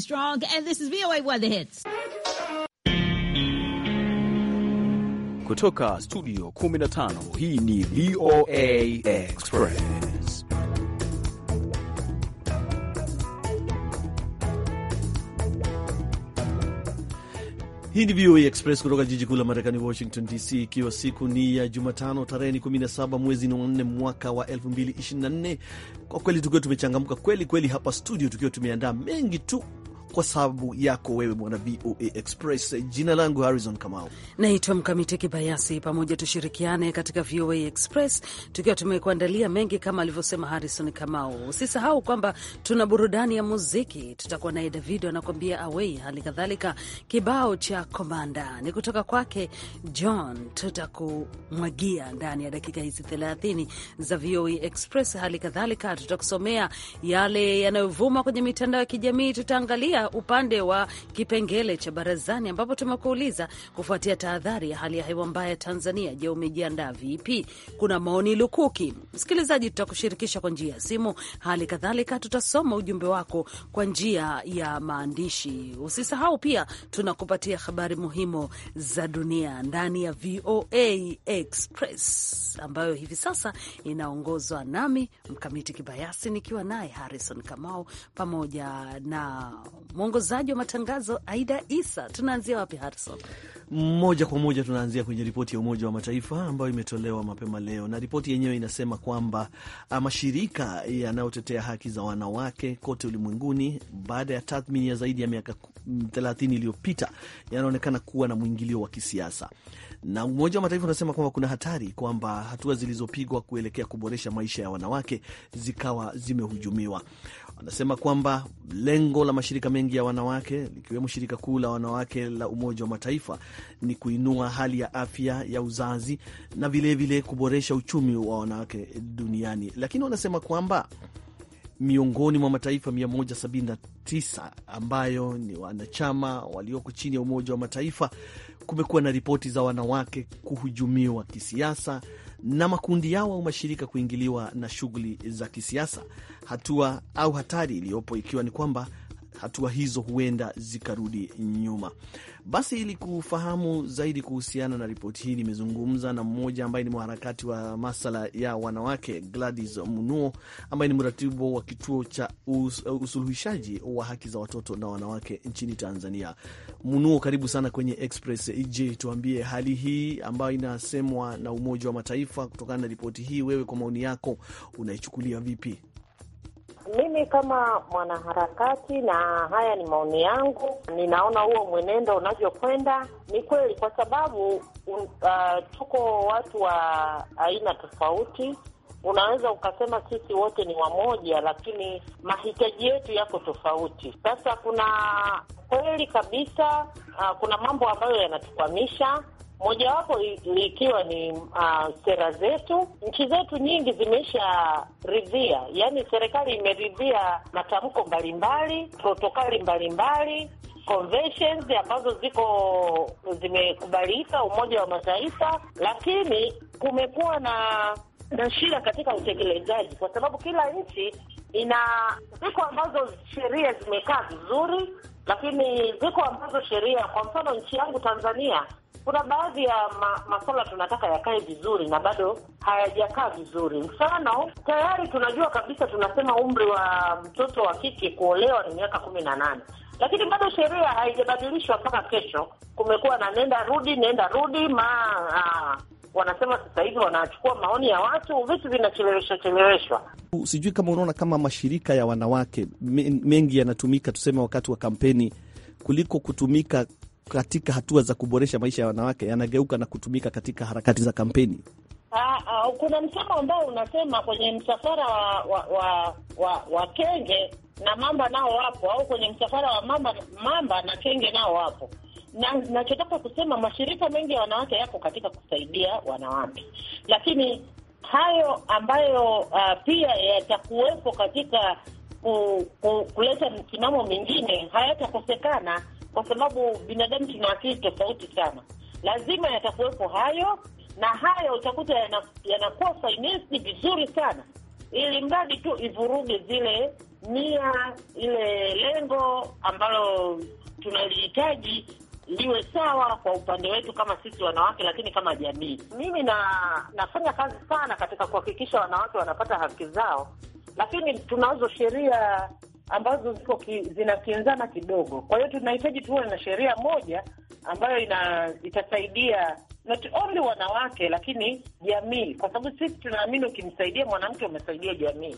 Strong, and this is VOA Weather Hits. Kutoka studio 15 hii ni VOA Express. Hii ni VOA Express kutoka jiji kuu la Marekani, Washington DC, ikiwa siku ni ya Jumatano tarehe 17 mwezi ni wanne mwaka wa 2024. Kwa kweli tukiwa tumechangamka kweli kweli hapa studio, tukiwa tumeandaa mengi tu kwa sababu yako wewe bwana VOA Express. Jina langu Harrison Kamau, naitwa Mkamiti Kibayasi. Pamoja tushirikiane katika VOA Express tukiwa tumekuandalia mengi kama alivyosema Harrison Kamau. Usisahau kwamba tuna burudani ya muziki, tutakuwa naye David anakuambia away, hali kadhalika kibao cha komanda ni kutoka kwake John, tutakumwagia ndani ya dakika hizi 30 za VOA Express. Hali kadhalika tutakusomea yale yanayovuma kwenye mitandao ya kijamii, tutaangalia katika upande wa kipengele cha barazani, ambapo tumekuuliza kufuatia tahadhari ya hali ya hewa mbaya Tanzania, je, umejiandaa vipi? Kuna maoni lukuki, msikilizaji, tutakushirikisha kwa njia ya simu, hali kadhalika tutasoma ujumbe wako kwa njia ya maandishi. Usisahau pia tunakupatia habari muhimu za dunia ndani ya VOA Express ambayo hivi sasa inaongozwa nami Mkamiti Kibayasi nikiwa naye Harrison Kamau pamoja na mwongozaji wa matangazo Aida Isa. Tunaanzia wapi Harison? Moja kwa moja tunaanzia kwenye ripoti ya Umoja wa Mataifa ambayo imetolewa mapema leo, na ripoti yenyewe inasema kwamba ah, mashirika yanayotetea haki za wanawake kote ulimwenguni, baada ya tathmini ya zaidi ya miaka 30 iliyopita, yanaonekana kuwa na mwingilio wa kisiasa, na Umoja wa Mataifa unasema kwamba kuna hatari kwamba hatua zilizopigwa kuelekea kuboresha maisha ya wanawake zikawa zimehujumiwa. Wanasema kwamba lengo la mashirika mengi ya wanawake likiwemo shirika kuu la wanawake la Umoja wa Mataifa ni kuinua hali ya afya ya uzazi na vilevile vile kuboresha uchumi wa wanawake duniani, lakini wanasema kwamba miongoni mwa mataifa 179 ambayo ni wanachama walioko chini ya Umoja wa Mataifa kumekuwa na ripoti za wanawake kuhujumiwa kisiasa na makundi yao au mashirika kuingiliwa na shughuli za kisiasa, hatua au hatari iliyopo ikiwa ni kwamba hatua hizo huenda zikarudi nyuma. Basi, ili kufahamu zaidi kuhusiana na ripoti hii, nimezungumza na mmoja ambaye ni mwanaharakati wa masala ya wanawake Gladys Munuo, ambaye ni mratibu wa kituo cha us usuluhishaji wa haki za watoto na wanawake nchini Tanzania. Munuo, karibu sana kwenye Express. Je, tuambie hali hii ambayo inasemwa na Umoja wa Mataifa kutokana na ripoti hii, wewe kwa maoni yako unaichukulia vipi? Mimi kama mwanaharakati, na haya ni maoni yangu, ninaona huo mwenendo unavyokwenda ni kweli, kwa sababu un, uh, tuko watu wa aina tofauti. Unaweza ukasema sisi wote ni wamoja, lakini mahitaji yetu yako tofauti. Sasa kuna kweli kabisa, uh, kuna mambo ambayo yanatukwamisha mojawapo ikiwa ni uh, sera zetu. Nchi zetu nyingi zimesharidhia, yaani serikali imeridhia matamko mbalimbali, protokali mbalimbali conventions ambazo ziko zimekubalika Umoja wa Mataifa, lakini kumekuwa na na shida katika utekelezaji, kwa sababu kila nchi ina ziko ambazo sheria zimekaa vizuri, lakini ziko ambazo sheria, kwa mfano nchi yangu Tanzania kuna baadhi ya ma, masuala tunataka yakae vizuri na bado hayajakaa vizuri. Mfano, tayari tunajua kabisa, tunasema umri wa mtoto wa kike kuolewa ni miaka kumi na nane lakini bado sheria haijabadilishwa mpaka kesho. Kumekuwa na nenda rudi, nenda rudi ma aa, wanasema sasa hivi wanachukua maoni ya watu, vitu vinacheleweshwa cheleweshwa. Sijui kama unaona kama mashirika ya wanawake mengi yanatumika, tuseme wakati wa kampeni, kuliko kutumika katika hatua za kuboresha maisha ya wanawake yanageuka na kutumika katika harakati za kampeni? Aa, ah, ah, kuna msemo ambao unasema kwenye msafara wa wa, wa, wa, wa kenge na mamba nao wapo, au kwenye msafara wa mamba, mamba na kenge nao wapo na nachotaka kusema mashirika mengi ya wanawake yako katika kusaidia wanawake, lakini hayo ambayo uh, pia yatakuwepo katika ku, ku, kuleta msimamo mingine hayatakosekana, kwa sababu binadamu tuna akili tofauti sana. Lazima yatakuwepo hayo na hayo, utakuta yanakuwa yana vizuri sana, ili mradi tu ivuruge zile nia, ile lengo ambalo tunalihitaji liwe sawa kwa upande wetu kama sisi wanawake, lakini kama jamii. Mimi na nafanya kazi sana katika kuhakikisha wanawake wanapata haki zao, lakini tunazo sheria ambazo ziko ki, zinakinzana kidogo. Kwa hiyo tunahitaji tuwe na sheria moja ambayo ina, itasaidia not only wanawake lakini jamii, kwa sababu sisi tunaamini ukimsaidia mwanamke umesaidia jamii.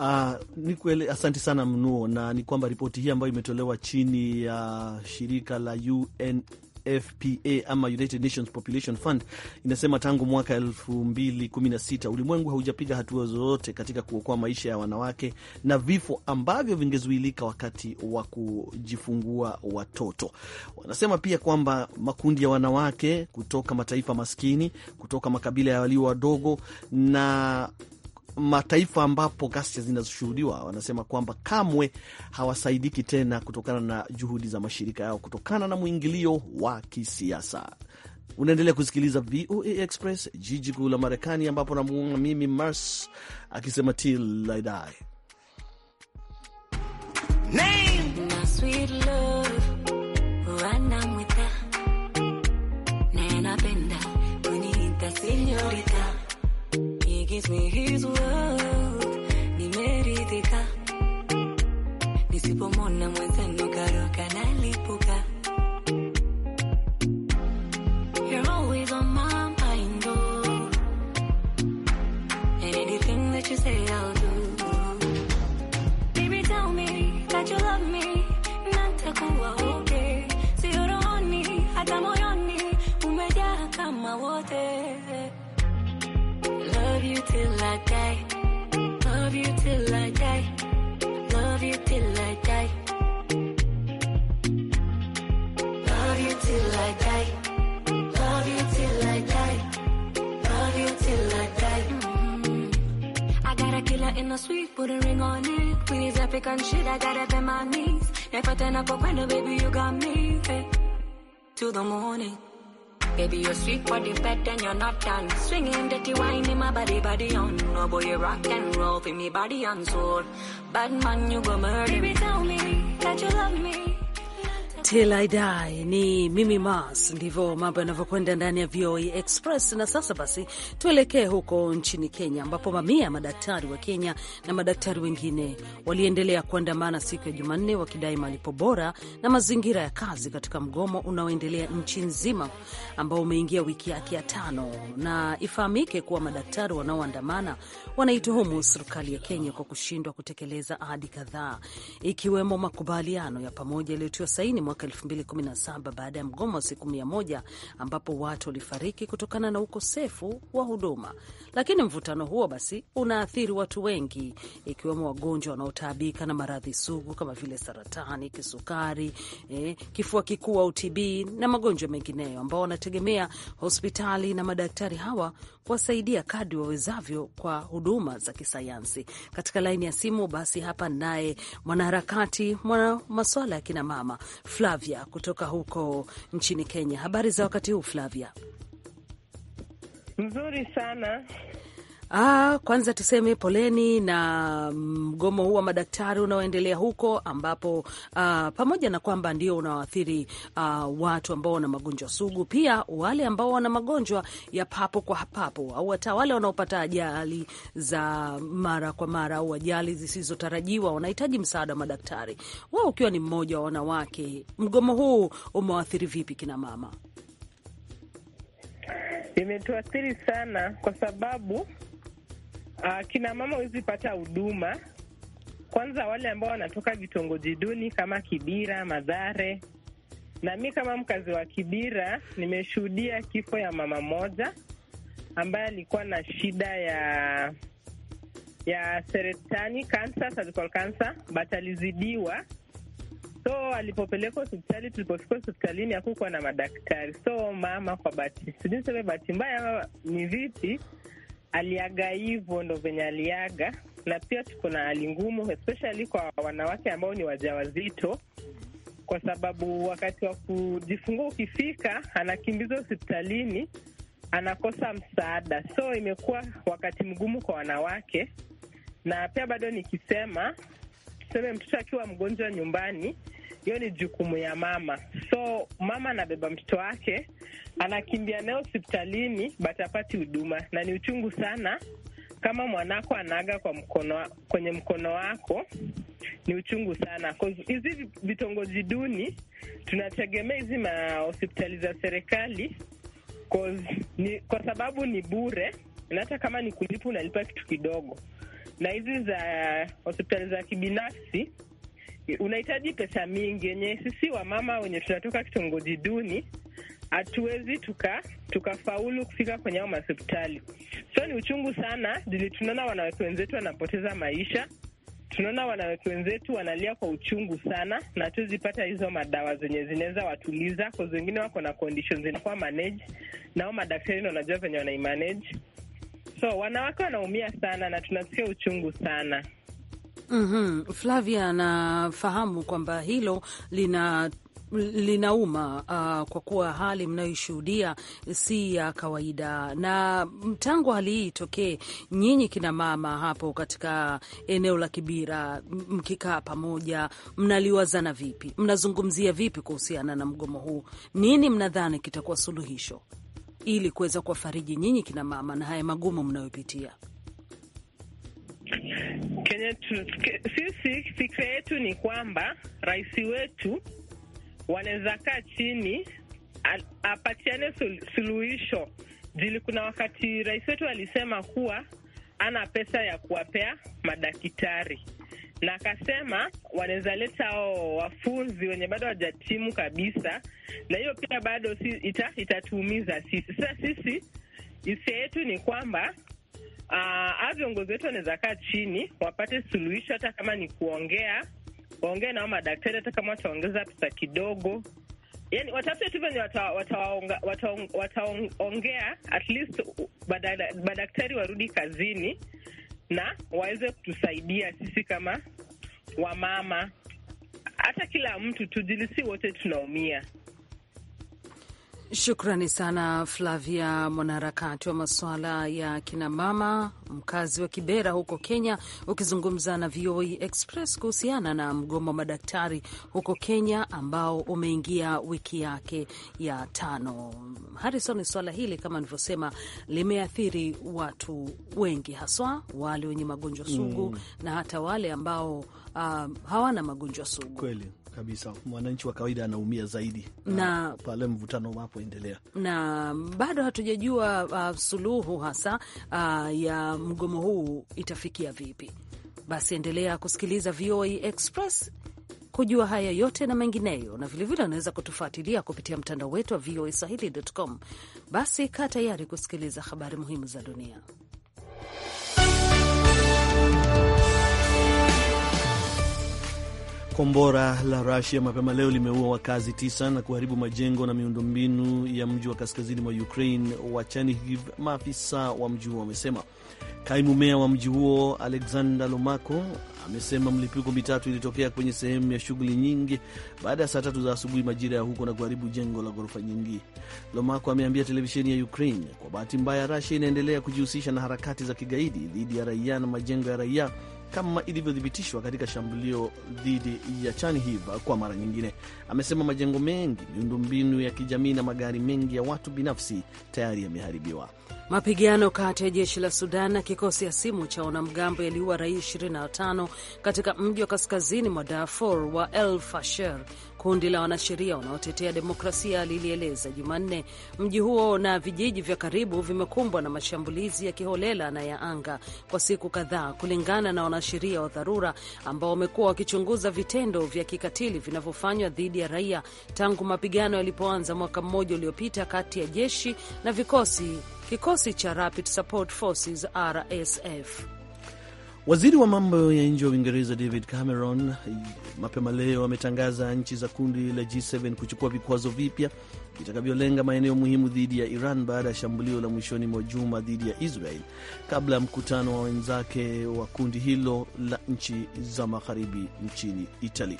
Uh, ni kweli. Asante sana Mnuo, na ni kwamba ripoti hii ambayo imetolewa chini ya uh, shirika la UN UNFPA ama United Nations Population Fund inasema tangu mwaka 2016 ulimwengu haujapiga hatua zozote katika kuokoa maisha ya wanawake na vifo ambavyo vingezuilika wakati wa kujifungua watoto. Wanasema pia kwamba makundi ya wanawake kutoka mataifa maskini, kutoka makabila ya walio wadogo na mataifa ambapo ghasia zinazoshuhudiwa wanasema kwamba kamwe hawasaidiki tena kutokana na juhudi za mashirika yao kutokana na mwingilio wa kisiasa. Unaendelea kusikiliza VOA Express, jiji kuu la Marekani, ambapo namuona mimi Mars akisema till I die. Name gives me his world, nimeridhika nisipomona till I die. Love you till I die. Love you till I die. Love you till I die. Love you till I die. Love you till I die. Mm -hmm. I got a killer in the suite, put a ring on it. With his epic and shit, I got up on my knees. Never turn up a window, baby, you got me. Hey. Till the morning. Baby, you're sweet body bed and you're not done. Swinging dirty wine in my body, body on. No boy, you rock and roll for me, body on soul. Bad man, you go murder. Baby, tell me that you love Until I Die ni mimi Mas, ndivyo mambo yanavyokwenda ndani ya VOA e Express. Na sasa basi, tuelekee huko nchini Kenya, ambapo mamia ya madaktari wa Kenya na madaktari wengine waliendelea kuandamana siku ya Jumanne wakidai malipo bora na mazingira ya kazi katika mgomo unaoendelea nchi nzima ambao umeingia wiki yake ya tano. Na ifahamike kuwa madaktari wanaoandamana wanaituhumu serikali ya Kenya kwa kushindwa kutekeleza ahadi kadhaa, ikiwemo makubaliano ya pamoja yaliyotiwa saini mwaka 2017 baada ya mgomo wa siku mia moja ambapo watu walifariki kutokana na ukosefu wa huduma. Lakini mvutano huo basi unaathiri watu wengi, ikiwemo wagonjwa wanaotaabika na maradhi sugu kama vile saratani, kisukari, eh, kifua kikuu au TB na magonjwa mengineyo, ambao wanategemea hospitali na madaktari hawa kuwasaidia kadri wawezavyo kwa huduma za kisayansi. Katika laini ya simu basi hapa naye mwanaharakati mwana maswala ya kinamama Flavia kutoka huko nchini Kenya. Habari za wakati huu Flavia? Mzuri sana. Ah, kwanza tuseme poleni na mgomo huu wa madaktari unaoendelea huko ambapo ah, pamoja na kwamba ndio unawaathiri ah, watu ambao wana magonjwa sugu, pia wale ambao wana magonjwa ya papo kwa papo au hata wale wanaopata ajali za mara kwa mara au ajali zisizotarajiwa wanahitaji msaada wa madaktari. Wao ukiwa ni mmoja wa wanawake, mgomo huu umewaathiri vipi kina mama? Imetuathiri sana kwa sababu Uh, kina mama huwezi pata huduma kwanza, wale ambao wanatoka vitongoji duni kama Kibira, Madhare. Na mi kama mkazi wa Kibira nimeshuhudia kifo ya mama moja ambaye alikuwa na shida ya ya seretani cancer, cervical cancer, but alizidiwa. So alipopelekwa hospitali, tulipofika hospitalini hakukuwa na madaktari. So mama, kwa bahati sijui niseme bahati mbaya ni vipi, aliaga hivyo, ndo venye aliaga. Na pia tuko na hali ngumu, especially kwa wanawake ambao ni wajawazito, kwa sababu wakati wa kujifungua ukifika, anakimbizwa hospitalini, anakosa msaada, so imekuwa wakati mgumu kwa wanawake. Na pia bado nikisema, tuseme mtoto akiwa mgonjwa nyumbani hiyo ni jukumu ya mama. So mama anabeba mtoto wake anakimbia naye hospitalini, but apati huduma, na ni uchungu sana kama mwanako anaaga kwa mkono, kwenye mkono wako ni uchungu sana. Hizi vitongoji duni tunategemea hizi mahospitali za serikali kwa sababu ni bure, na hata kama ni kulipa unalipa kitu kidogo, na hizi za hospitali za kibinafsi unahitaji pesa mingi, yenye sisi wamama wenye tunatoka kitongoji duni hatuwezi tuka tukafaulu kufika kwenye hao mahospitali. So ni uchungu sana jili, tunaona wanawake wenzetu wanapoteza maisha, tunaona wanawake wenzetu wanalia kwa uchungu sana, na hatuwezi pata hizo madawa zenye zinaweza watuliza, kwa wengine wako na conditions zinakuwa manage nao, madaktari ndio wanajua venye wanaimanage. So wanawake wanaumia sana na tunasikia uchungu sana. Mm -hmm. Flavia, anafahamu kwamba hilo lina linauma uh, kwa kuwa hali mnayoishuhudia si ya kawaida. Na tangu hali hii itokee, nyinyi kina mama hapo katika eneo la Kibira mkikaa pamoja, mnaliwazana vipi? Mnazungumzia vipi kuhusiana na mgomo huu? Nini mnadhani kitakuwa suluhisho ili kuweza kuwafariji nyinyi kina mama na haya magumu mnayopitia? Kenya tu, ke, sisi fikra yetu ni kwamba rais wetu wanaweza kaa chini apatiane suluhisho jili. Kuna wakati rais wetu alisema kuwa ana pesa ya kuwapea madaktari na akasema wanaweza leta hao wafunzi wenye bado hawajatimu kabisa, na hiyo pia bado si, ita, itatuumiza sisi. Sasa sisi hisia yetu ni kwamba uh, ah, a viongozi wetu wanaweza kaa chini wapate suluhisho, hata kama ni kuongea, waongee nao madaktari, hata kama wataongeza pesa kidogo Yani watafute tu venye wataongea at least madaktari warudi kazini na waweze kutusaidia sisi kama wamama, hata kila mtu tujilisi, wote tunaumia. Shukrani sana Flavia, mwanaharakati wa masuala ya kinamama, mkazi wa Kibera huko Kenya, ukizungumza na VOA e Express kuhusiana na mgomo wa madaktari huko Kenya ambao umeingia wiki yake ya tano. Harison, swala hili kama nilivyosema limeathiri watu wengi, haswa wale wenye magonjwa sugu mm, na hata wale ambao uh, hawana magonjwa sugu kweli kabisa, mwananchi wa kawaida anaumia zaidi na pale mvutano unapoendelea, na bado hatujajua uh, suluhu hasa uh, ya mgomo huu itafikia vipi. Basi endelea kusikiliza VOA Express kujua haya yote na mengineyo, na vilevile unaweza kutufuatilia kupitia mtandao wetu wa voa swahilicom Basi kaa tayari kusikiliza habari muhimu za dunia. Kombora la Rusia mapema leo limeua wakazi tisa na kuharibu majengo na miundombinu ya mji wa kaskazini mwa Ukraine wa Chernihiv, maafisa wa mji huo wamesema. Kaimu meya wa mji huo Alexander Lomako amesema mlipuko mitatu ilitokea kwenye sehemu ya shughuli nyingi baada ya saa tatu za asubuhi majira ya huko na kuharibu jengo la ghorofa nyingi. Lomako ameambia televisheni ya Ukraine, kwa bahati mbaya Rusia inaendelea kujihusisha na harakati za kigaidi dhidi ya raia na majengo ya raia kama ilivyothibitishwa katika shambulio dhidi ya Chernihiv kwa mara nyingine. Amesema majengo mengi, miundombinu ya kijamii na magari mengi ya watu binafsi tayari yameharibiwa. Mapigano kati ya jeshi la Sudan na kikosi simu cha wanamgambo yaliua raia 25 katika mji wa kaskazini mwa Darfur wa El Fasher Kundi la wanasheria wanaotetea demokrasia lilieleza Jumanne mji huo na vijiji vya karibu vimekumbwa na mashambulizi ya kiholela na ya anga kwa siku kadhaa, kulingana na wanasheria wa dharura ambao wamekuwa wakichunguza vitendo vya kikatili vinavyofanywa dhidi ya raia tangu mapigano yalipoanza mwaka mmoja uliopita kati ya jeshi na vikosi kikosi cha Rapid Support Forces RSF. Waziri wa mambo ya nje wa Uingereza David Cameron mapema leo ametangaza nchi za kundi la G7 kuchukua vikwazo vipya vitakavyolenga maeneo muhimu dhidi ya Iran baada ya shambulio la mwishoni mwa juma dhidi ya Israel kabla ya mkutano wa wenzake wa kundi hilo la nchi za magharibi nchini Italy.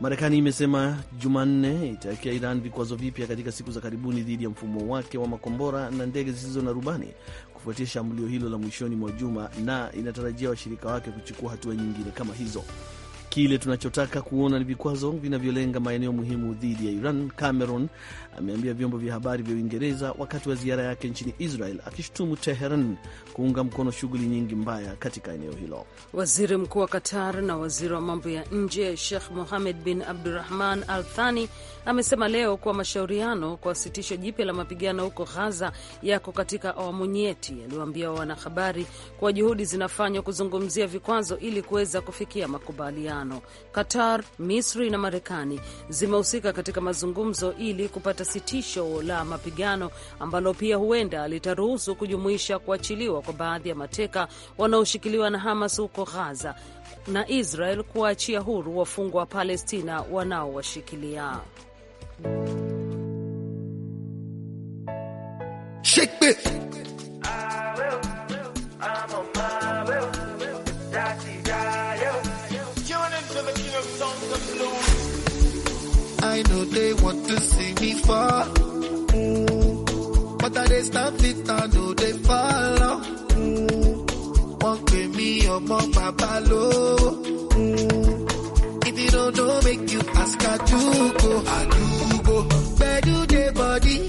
Marekani imesema Jumanne itawekea Iran vikwazo vipya katika siku za karibuni dhidi ya mfumo wake wa makombora na ndege zisizo na rubani kufuatia shambulio hilo la mwishoni mwa juma na inatarajia washirika wake kuchukua hatua nyingine kama hizo. Kile tunachotaka kuona ni vikwazo vinavyolenga maeneo muhimu dhidi ya Iran, Cameron ameambia vyombo vya habari vya Uingereza wakati wa ziara yake nchini Israel, akishutumu Teheran kuunga mkono shughuli nyingi mbaya katika eneo hilo. Waziri mkuu wa Qatar na waziri wa mambo ya nje Sheikh Mohammed bin Abdurahman Al Thani amesema leo kuwa mashauriano kwa sitisho jipya la mapigano huko Ghaza yako katika awamu nyeti. Aliwaambia wanahabari kuwa juhudi zinafanywa kuzungumzia vikwazo ili kuweza kufikia makubaliano tano. Qatar, Misri na Marekani zimehusika katika mazungumzo ili kupata sitisho la mapigano ambalo pia huenda litaruhusu kujumuisha kuachiliwa kwa baadhi ya mateka wanaoshikiliwa na Hamas huko ghaza na Israel kuwaachia huru wafungwa wa Palestina wanaowashikilia. Shake it. I know they want to see me fall. Mm. But I they stop it, I know they follow. Mm. with give me your mom, papa low. Mm. If you don't know, make you ask, I do go. I do go. Where do they body?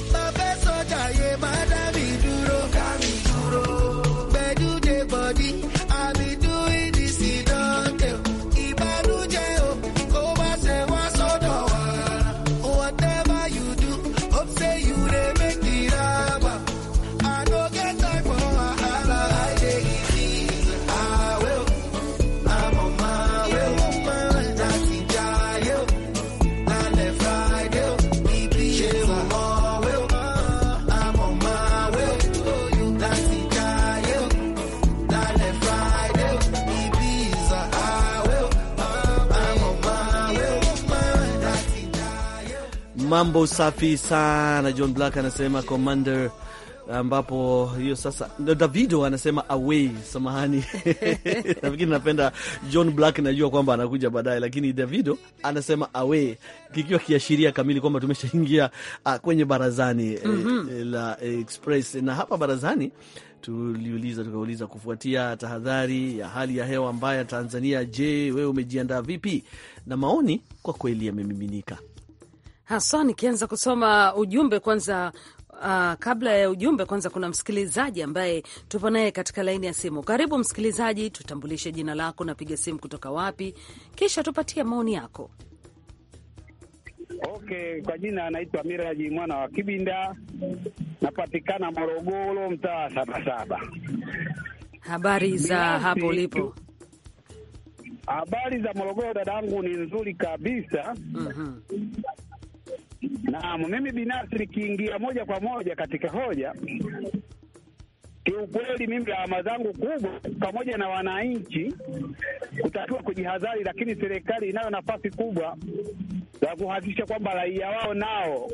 Mambo safi sana. John Black anasema Commander, ambapo hiyo sasa Davido anasema away, samahani nafikiri napenda John Black, najua kwamba anakuja baadaye, lakini Davido anasema away, kikiwa kiashiria kamili kwamba tumeshaingia ah, kwenye barazani mm -hmm. la Express na hapa barazani tuliuliza tukauliza, kufuatia tahadhari ya hali ya hewa mbaya Tanzania, je, wewe umejiandaa vipi? Na maoni kwa kweli yamemiminika hasa nikianza kusoma ujumbe kwanza. Uh, kabla ya ujumbe kwanza, kuna msikilizaji ambaye tupo naye katika laini ya simu. Karibu msikilizaji, tutambulishe jina lako, napiga simu kutoka wapi, kisha tupatie maoni yako. Okay, kwa jina anaitwa Miraji mwana wa Kibinda, napatikana Morogoro, mtaa Sabasaba. Habari za hapo ulipo? Habari za Morogoro dadangu ni nzuri kabisa. mm -hmm. Naam, mimi binafsi nikiingia moja kwa moja katika hoja, kiukweli mimi lawama zangu kubwa pamoja na wananchi kutakiwa kujihadhari, lakini serikali inayo nafasi kubwa ya kuhakikisha kwamba raia wao nao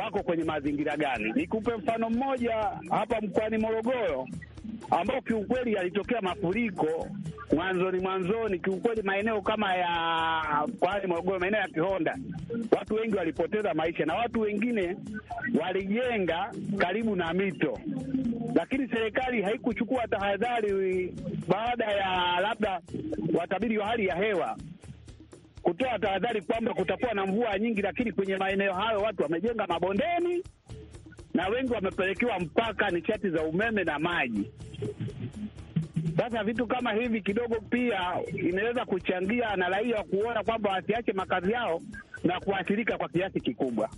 wako kwenye mazingira gani. Nikupe mfano mmoja hapa mkoani Morogoro ambao kiukweli yalitokea mafuriko mwanzoni mwanzoni, kiukweli maeneo kama ya kwani Morogoro, maeneo ya Kihonda, watu wengi walipoteza maisha na watu wengine walijenga karibu na mito, lakini serikali haikuchukua tahadhari baada ya labda watabiri wa hali ya hewa kutoa tahadhari kwamba kutakuwa na mvua nyingi, lakini kwenye maeneo hayo watu wamejenga mabondeni na wengi wamepelekewa mpaka nishati za umeme na maji. Sasa vitu kama hivi kidogo pia inaweza kuchangia na raia kuona kwamba wasiache makazi yao na kuathirika kwa kiasi kikubwa.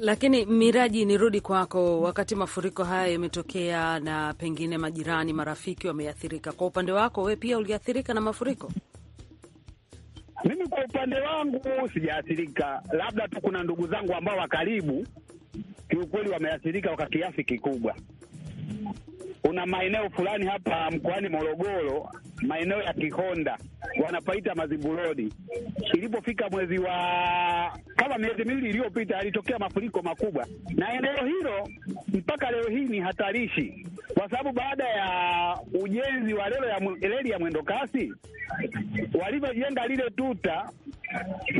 Lakini Miraji, nirudi kwako. Wakati mafuriko haya yametokea, na pengine majirani, marafiki wameathirika, kwa upande wako we pia uliathirika na mafuriko? Mimi kwa upande wangu sijaathirika, labda tu kuna ndugu zangu ambao wa karibu kiukweli wameathirika kwa kiasi kikubwa kuna maeneo fulani hapa mkoani Morogoro, maeneo ya kihonda wanapaita Mazimburodi. Ilipofika mwezi wa kama miezi miwili iliyopita, alitokea mafuriko makubwa, na eneo hilo mpaka leo hii ni hatarishi, kwa sababu baada ya ujenzi wa reli ya mwendo kasi walivyojenga lile tuta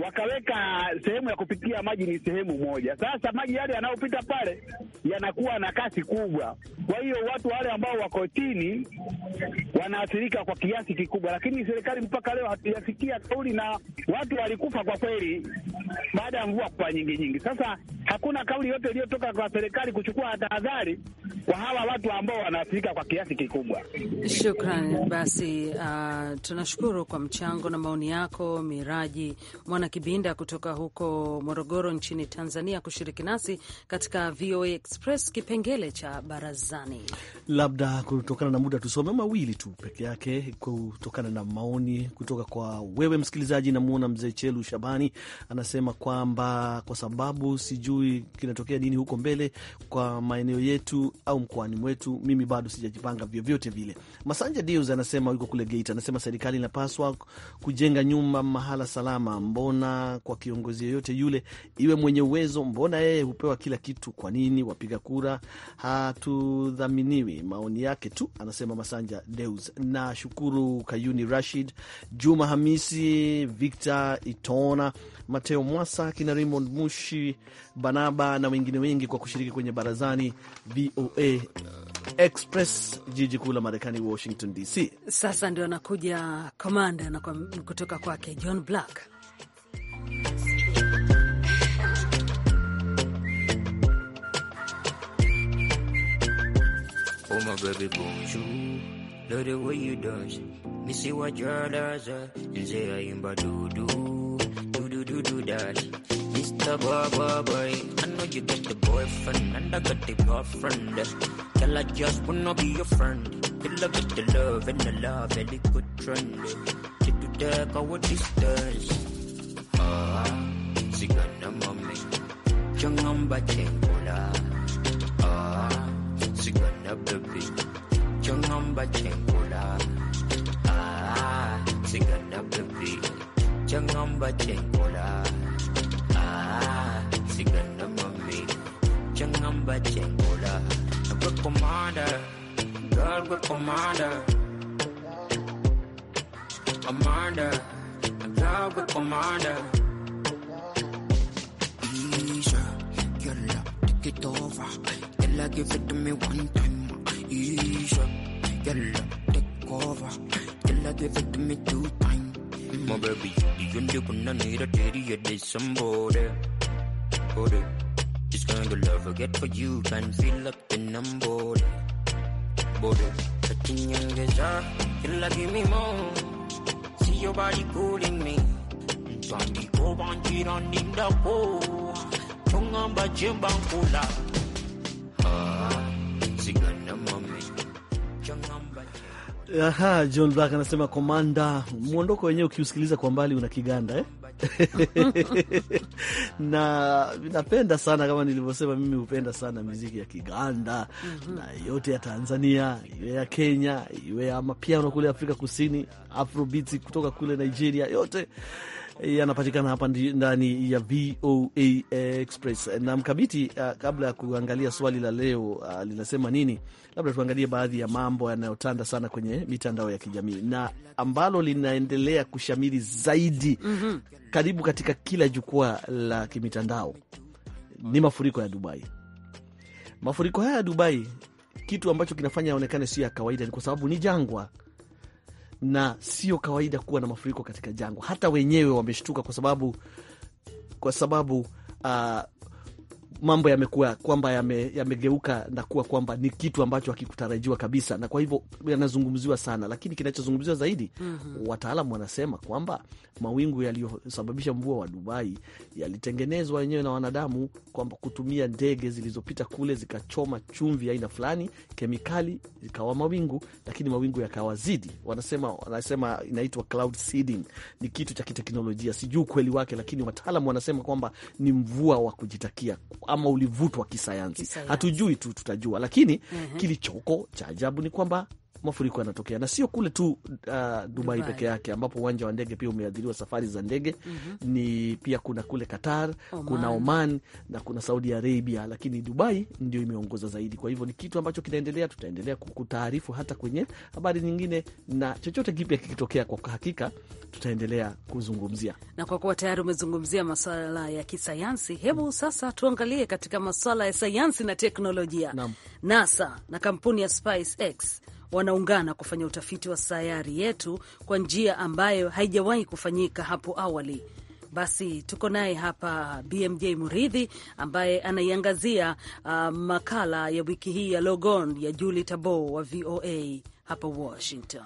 wakaweka sehemu ya kupitia maji ni sehemu moja. Sasa maji yale yanayopita pale yanakuwa na kasi kubwa, kwa hiyo watu wale wale ambao wako chini wanaathirika kwa kiasi kikubwa, lakini serikali mpaka leo hatujafikia kauli, na watu walikufa kwa kweli baada ya mvua kwa nyingi nyingi. Sasa hakuna kauli yote iliyotoka kwa serikali kuchukua tahadhari kwa hawa watu ambao wanaathirika kwa kiasi kikubwa. Shukran. Basi uh, tunashukuru kwa mchango na maoni yako Miraji Mwana Kibinda kutoka huko Morogoro nchini Tanzania, kushiriki nasi katika VOA Express kipengele cha barazani labda kutokana na muda tusome mawili tu peke yake, kutokana na maoni kutoka kwa wewe msikilizaji. Namwona mzee Chelu Shabani anasema kwamba kwa sababu sijui kinatokea nini huko mbele kwa maeneo yetu au mkoani mwetu, mimi bado sijajipanga vyovyote vile. Masanja Deus anasema yuko kule Geita, anasema serikali inapaswa kujenga nyumba mahala salama. Mbona kwa kiongozi yoyote yule, iwe mwenye uwezo, mbona yeye hupewa kila kitu? Kwa nini wapiga kura hatudhaminiwi? maoni yake tu, anasema Masanja Deus na Shukuru Kayuni, Rashid Juma, Hamisi Victor Itona, Mateo Mwasa, kina Raymond Mushi, Banaba na wengine wengi kwa kushiriki kwenye barazani VOA Express, jiji kuu la Marekani, Washington DC. Sasa ndio anakuja komanda kutoka kwake John Black. my baby bonjour. Love the way you dance. Me see what your does And say I am bad do do. Do do do do that. Mr. Baba boy. I know you got the boyfriend and I got the girlfriend. Tell I just wanna be your friend. The love it, the love and the love, and very good trend. To do the our distance. Ah, sigana mami. Changam bacheng. chengula ah singana baby changomba chengula ah singana mami changomba chengula good commander girl good commander commander girl good commander Isha, your take it over. Tell her give it to me one time. Isha girl, take over. Girl, I give it to me two time. Mm. My baby, biyonde kuna nira teri yade sambore. Ore, this kind of love I get for you can fill up the number. Bore, touching your desire, girl, ah. give me more. See your body calling me. Bambi ko banji ran ninda ko, chunga ba jimbang kula. Ah, sigana mami, chunga. Aha, John Black anasema komanda, mwondoko wenyewe ukiusikiliza kwa mbali una Kiganda eh? na napenda sana kama nilivyosema, mimi hupenda sana miziki ya Kiganda mm -hmm. na yote ya Tanzania, iwe ya Kenya, iwe ya mapiano kule Afrika Kusini, afrobeat kutoka kule Nigeria, yote Eh, yanapatikana hapa ndani ya VOA Express na mkabiti Uh, kabla ya kuangalia swali la leo uh, linasema nini, labda tuangalie baadhi ya mambo yanayotanda sana kwenye mitandao ya kijamii na ambalo linaendelea kushamiri zaidi mm -hmm. karibu katika kila jukwaa la kimitandao ni mafuriko ya Dubai. Mafuriko haya ya Dubai, kitu ambacho kinafanya yaonekane sio ya kawaida ni kwa sababu ni jangwa na sio kawaida kuwa na mafuriko katika jangwa. Hata wenyewe wameshtuka kwa sababu, kwa sababu uh, mambo yamekuwa kwamba yamegeuka yame na kuwa kwamba ni kitu ambacho hakikutarajiwa kabisa, na kwa hivyo yanazungumziwa sana, lakini kinachozungumziwa zaidi mm -hmm. Wataalamu wanasema kwamba mawingu yaliyosababisha mvua wa Dubai yalitengenezwa wenyewe na wanadamu, kwamba kutumia ndege zilizopita kule zikachoma chumvi aina fulani, kemikali zikawa mawingu, lakini mawingu yakawazidi. Wanasema, wanasema inaitwa cloud seeding. Ni kitu cha kiteknolojia, sijui ukweli wake, lakini wataalamu wanasema kwamba ni mvua wa kujitakia ama ulivutwa kisayansi, hatujui tu, tutajua. Lakini mm -hmm. kilichoko cha ajabu ni kwamba mafuriko yanatokea, na sio kule tu uh, Dubai, Dubai peke yake ambapo uwanja wa ndege pia umeathiriwa, safari za ndege mm -hmm. ni pia kuna kule Qatar Oman. kuna Oman na kuna Saudi Arabia, lakini Dubai ndio imeongoza zaidi. Kwa hivyo ni kitu ambacho kinaendelea, tutaendelea kutaarifu hata kwenye habari nyingine, na chochote kipya kikitokea, kwa hakika tutaendelea kuzungumzia. Na kwa kuwa tayari umezungumzia maswala ya kisayansi, hebu sasa tuangalie katika maswala ya sayansi na teknolojia. Naam. NASA na kampuni ya SpaceX wanaungana kufanya utafiti wa sayari yetu kwa njia ambayo haijawahi kufanyika hapo awali. Basi tuko naye hapa BMJ Muridhi ambaye anaiangazia uh, makala ya wiki hii ya Logon ya juli Tabo wa VOA hapa Washington.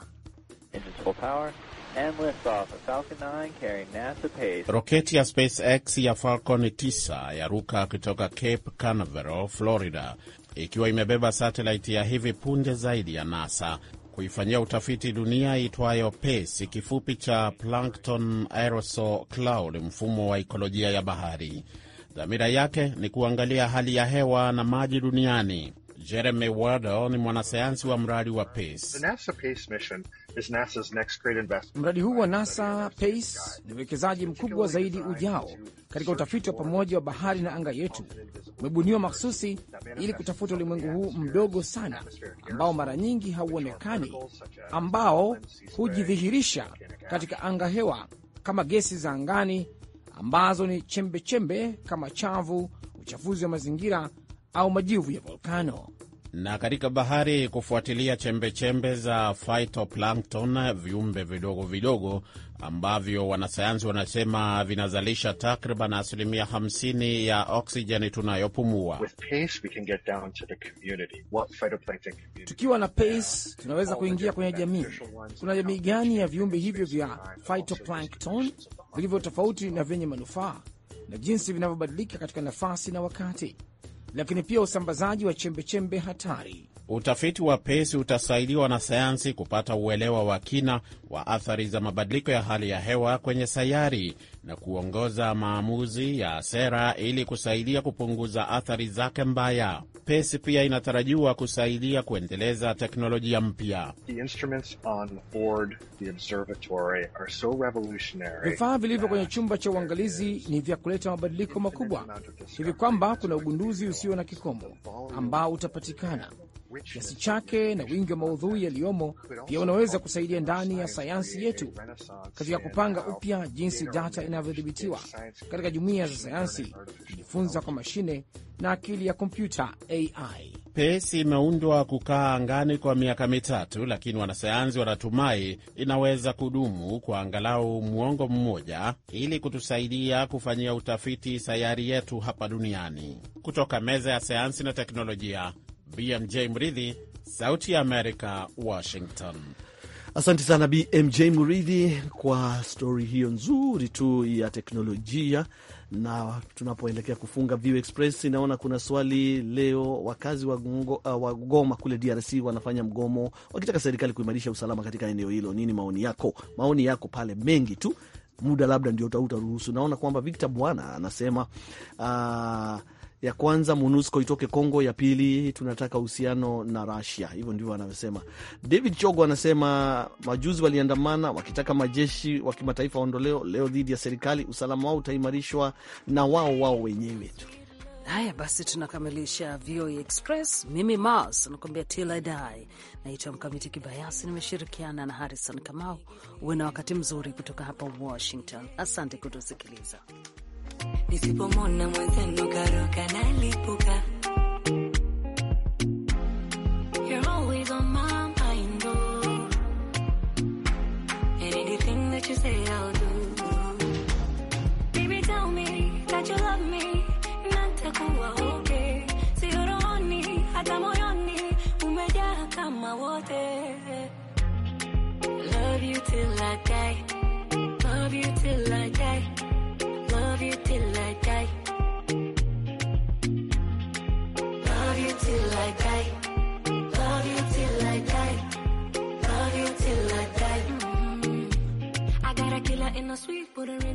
Roketi ya SpaceX ya Falcon 9 yaruka kutoka Cape Canaveral, Florida ikiwa imebeba satelaiti ya hivi punde zaidi ya NASA kuifanyia utafiti dunia itwayo PACE, kifupi cha Plankton Aerosol Cloud, mfumo wa ikolojia ya bahari. Dhamira yake ni kuangalia hali ya hewa na maji duniani. Jeremy Wardo ni mwanasayansi wa mradi wa PACE. Mradi huu wa NASA PACE ni uwekezaji mkubwa zaidi ujao katika utafiti wa pamoja wa bahari na anga yetu, umebuniwa mahsusi ili kutafuta ulimwengu huu mdogo sana, ambao mara nyingi hauonekani, ambao hujidhihirisha katika anga hewa kama gesi za angani ambazo ni chembechembe -chembe, kama chavu, uchafuzi wa mazingira au majivu ya volkano. Na katika bahari, kufuatilia chembechembe -chembe za phytoplankton, viumbe vidogo vidogo ambavyo wanasayansi wanasema vinazalisha takriban asilimia 50 ya oksijeni tunayopumua. Tukiwa na pace, tunaweza kuingia kwenye jamii. Kuna jamii gani ya viumbe hivyo vya phytoplankton vilivyo tofauti na vyenye manufaa na jinsi vinavyobadilika katika nafasi na wakati lakini pia usambazaji wa chembechembe hatari Utafiti wa Pace utasaidiwa na sayansi kupata uelewa wa kina wa athari za mabadiliko ya hali ya hewa kwenye sayari na kuongoza maamuzi ya sera ili kusaidia kupunguza athari zake mbaya. Pace pia inatarajiwa kusaidia kuendeleza teknolojia mpya. Vifaa vilivyo kwenye chumba cha uangalizi ni vya kuleta mabadiliko makubwa hivi kwamba kuna ugunduzi usio na kikomo ambao utapatikana kiasi chake na wingi wa maudhui yaliyomo, pia unaweza kusaidia ndani ya sayansi yetu katika kupanga upya jinsi data inavyodhibitiwa katika jumuiya za sayansi, kujifunza kwa mashine na akili ya kompyuta AI. Pesi imeundwa kukaa angani kwa miaka mitatu, lakini wanasayansi wanatumai inaweza kudumu kwa angalau mwongo mmoja ili kutusaidia kufanyia utafiti sayari yetu hapa duniani. Kutoka meza ya sayansi na teknolojia, BMJ Mridhi, Sauti ya Amerika, Washington. Asante sana BMJ Muridhi kwa stori hiyo nzuri tu ya teknolojia. Na tunapoelekea kufunga View Express, naona kuna swali leo. Wakazi wa, uh, wa Goma kule DRC wanafanya mgomo wakitaka serikali kuimarisha usalama katika eneo hilo. Nini maoni yako? Maoni yako pale mengi tu, muda labda ndio utaruhusu. Naona kwamba Victor Bwana anasema uh, ya kwanza MONUSCO itoke Congo, ya pili tunataka uhusiano na Russia. Hivyo ndivyo anavyosema David Chogo. Anasema majuzi waliandamana wakitaka majeshi wa kimataifa waondoleo leo dhidi ya serikali, usalama wao utaimarishwa na wao wao wenyewe tu. Haya basi, tunakamilisha VOA e Express. Mimi Mars nakuambia till I Naitwa Mkamiti Kibayasi, nimeshirikiana na Harrison Kamau. Uwe na wakati mzuri kutoka hapa Washington. Asante kutusikiliza nisipomona mwenzenu karoka nalipuka My sweet, put a ring